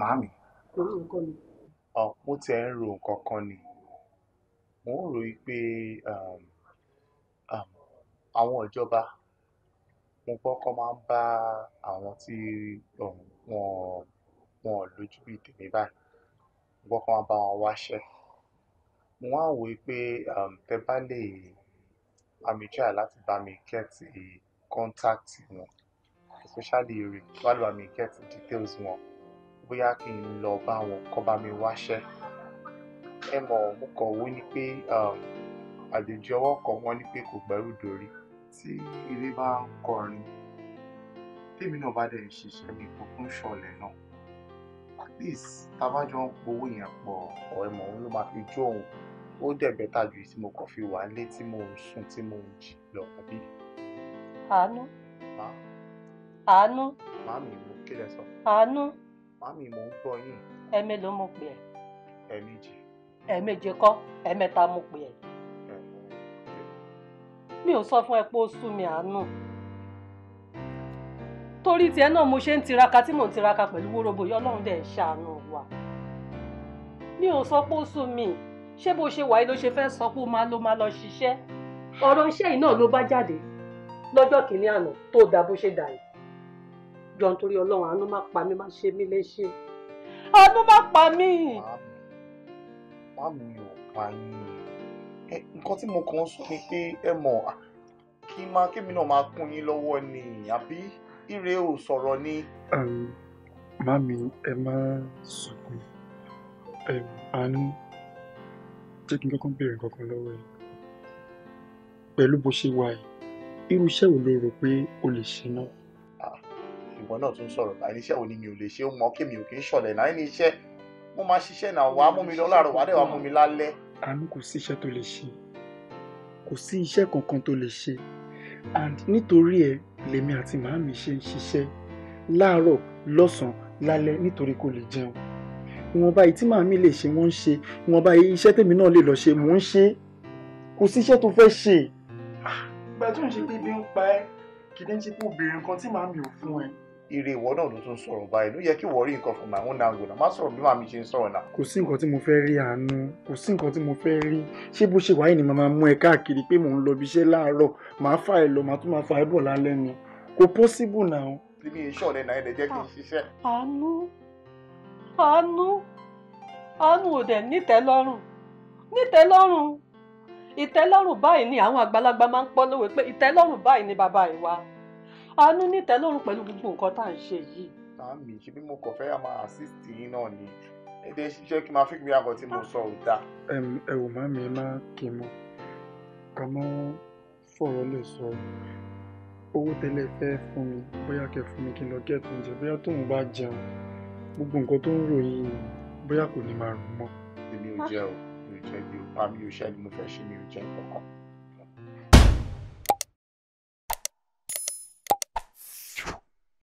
Màámi. Torí nǹkan mi. Ọ̀ mo tiẹ̀ ń ro nǹkan kan ni. Mo ń rò pé um, um, àwọn ìjọba mo gbọ́ kọ́ máa ń bá àwọn tí um, wọn wọn ò lójú bíi tèmi báyìí, mo gbọ́ kọ́ máa ń bá wọn wáṣẹ́. Mo wá ń wòó pé tẹ́ bá lè bá mi try láti bá mi get contact wọn especially tó bá lè bá mi get details wọn bóyá kí n lọ bá wọn kọ́ bá mi wáṣẹ́ ẹ mọ̀ mo kàn wó ni pé um, àjèjì ọwọ́ kan wọ́n ní pé kò gbẹ́rù dòrí tí ilé bá ń kọrin tèmi náà bá dẹ̀ ń ṣiṣẹ́ mi kò tún ṣọlẹ̀ náà at least tá a bá jọ ń powó yẹn pọ̀ ọ̀rẹ́ mọ̀ ló máa fi jó òun ó dẹ̀ bẹ́tà tí mo kàn fi wà nílé tí mo ń sùn tí mo ń jí lọ àbí. àánú àánú. màámi mo kílẹ̀ sọ. àánú mami mò ń gbọ́ yín. ẹ̀mélòó mo pè ẹ́. ẹ̀ẹ̀mejì. ẹ̀ẹ̀mejì kọ́ ẹ̀ẹ̀mẹ́ta mo pè ẹ́. mi ò sọ fún ẹ pé ó sú mi àánú torí tiẹ̀ náà mo ṣe ń tiraka tí mò ń tiraka pẹ̀lú wórobo yọ ọlọ́run dẹ̀ ṣàánú wa mi ò sọ pé ó sú mi ṣé bó ṣe wàyí ló ṣe fẹ́ sọ pé ó máa ló máa lọ ṣiṣẹ́ ọ̀rọ̀ iṣẹ́ yìí náà ló bá jáde lọ́jọ́ kìíní àná tó dà bó ṣe dà yìí jọ nítorí ọlọ́run àánú má pa mí má ṣe mí léṣe àánú má pa mí. màmí ò pa yín nǹkan tí mo kàn ń sọ ni pé ẹ mọ̀ kí máa kémi náà máa kún yín lọ́wọ́ ni àbí ire ò sọ̀rọ̀ ni. màmí ẹ má sunkún àánú jẹ́ kí n kọ́kọ́ béèrè kankan lọ́wọ́ ẹ pẹ̀lú bó ṣe wà yìí irú iṣẹ́ wo ló rò pé o lè ṣe náà gan náà tún sọ̀rọ̀ báyìí níṣẹ́ wo mi ò lè ṣe ó mọ kí mi ò kí ń ṣọ̀lẹ̀ náà ní iṣẹ́ mo máa ṣiṣẹ́ náà wàá mú mi lọ láàárọ̀ wàá dẹ̀ wàá mú mi lálẹ́. àánú kò sí iṣẹ́ tó lè ṣe kò sí iṣẹ́ kankan tó lè ṣe and nítorí ẹ lèmi àti màámi ṣe ń ṣiṣẹ́ láàárọ̀ lọ́sàn-án lálẹ́ nítorí kò lè jẹun ìwọ̀nba yìí tí màámi lè ṣe wọ́n ń ṣe ìwọ̀nba yìí iṣẹ́ tèmi náà lè lọ ṣe mò ń ṣe kò sí iṣẹ́ tó fẹ́ ṣe. ìgbà tó ń ṣe pé ibi ń pa ẹ́ kìdí ń ṣe pé obìnrin kan tí màámi ò fún ẹ ire ìwọ náà ló tún sọ̀rọ̀ báyìí ló yẹ kí ìwọ rí nǹkan fún my own angle náà má sọ̀rọ̀ bí màmí ṣe ń sọ̀rọ̀ náà. kò sí nǹkan tí mo fẹ́ rí àánú kò sí nǹkan tí mo fẹ́ rí ṣé bó ṣe wáyé ni màmá mú ẹ káàkiri pé mò ń lọ ibiṣẹ́ láàárọ̀ màá fà ẹ lọ màá tún máa fà ẹ bọ̀ lálẹ́ ni kò possible náà. ibi iṣẹ́ ọ̀rẹ́ náà ẹ̀dẹ̀ jẹ́ kí n ah, ṣiṣẹ́. àánú àánú àánú ò dẹ̀ nítẹ́lọ́rùn nítẹ́lọ́rùn ìtẹ́lọ́rùn báyìí ni àwọn àgbàlagbà máa ń pọ́ lówe pé ìtẹ́lọ́rùn báyìí ni bàbá ìwà àánú nítẹ́lọ́rùn pẹ̀lú gbogbo nǹkan tá à ń ṣe yìí. àmì ṣe bí mo kàn fẹ́ máa assist yín náà ni èdè ṣiṣẹ́ kí n máa fi gbé àgọ́ tí mo sọ ò dáa. ẹ wò má mi má kí n mọ ká mọ fọ̀rọ̀ lè sọ owó tẹ́lẹ̀ fẹ́ fún mi bóyá kẹ́ fún mi kí n lọ gẹ́ẹ̀tì oúnjẹ bóyá tóun bá jẹun gbogbo nǹkan tó ń ròyìn bóyá kò ní máa rùn mọ́. èmi ò jẹ o mi ò jẹ mi ò pa mi ò ṣe ni mo fẹ́ ṣe mi ò jẹ kankan.